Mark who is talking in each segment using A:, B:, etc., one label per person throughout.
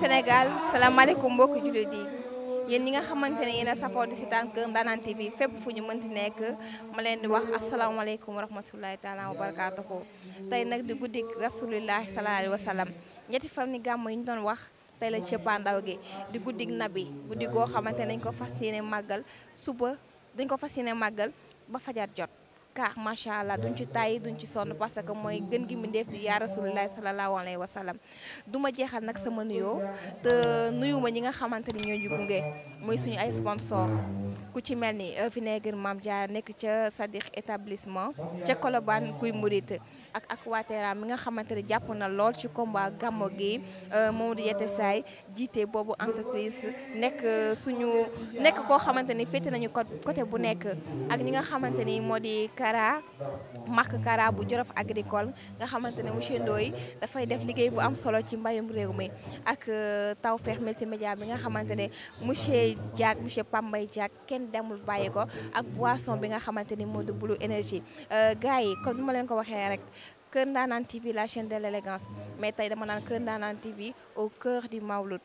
A: Sénégal salaamaaleykum mbokki jullit yi yéen ñi nga xamante ne yéen a sapoo di si tànk Ndanane TV fépp fu ñu mënti nekk ma leen di wax asalaamaaleykum wa rahmatulahi taala wa barakaatuhu tey nag di guddik rasulillahi sallallahu alayhi wa sallam ñetti fan ni gàmm yi ñu doon wax tey la cëppaandaw gi di guddik nabi guddi goo xamante ne dañ ko fas yéene màggal suba dañ ko fas yéene màggal ba fajar jot yaakaar macha allah duñ ci tàyyi duñ ci sonn parce que mooy gën gi mu def di yaa rasulullahi sallallahu alayhi wa sallam du ma jeexal nag sama nuyoo te nuyu ma ñi nga xamante ni ñoo ñu mooy muy suñu ay sponsor ku ci mel ni euh, vinaigre maam Diarra nekk ca Sadikh établissement ca Colobane kuy Mouride. ak Aquaterra mi nga xamante ne jàpp na lool ci ak gàmmo gi Mamadou Yatessay jiite boobu entreprise nekk euh, suñu nekk koo xamante ni féete nañu côté bu nekk ak ñi nga xamante ni moo di Kara marque Kara bu Jolof agricole nga xamante ne monsieur Ndoye dafay def liggéey bu am solo ci mbayum réew mi ak euh, Tawfekh multimédia bi nga xamante ne monsieur Diack monsieur Pambay Diack kenn demul bàyyi ko ak boisson bi nga xamante ni moo di Blue Energy euh, gars yi comme ni ma leen ko waxee rek Kër Ndanane TV la chaîne de l'élégance mais tey dama naan Kër Ndanane TV au cœur du Maouloud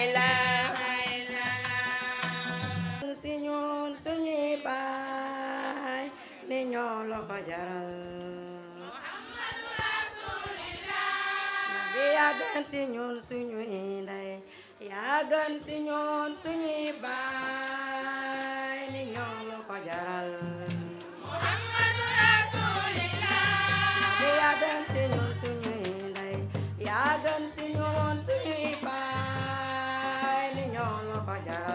B: gën
A: si ñun suñuy ndey yaa gën si ñun suñuy baay ni ñoo la ko jaral trabalhar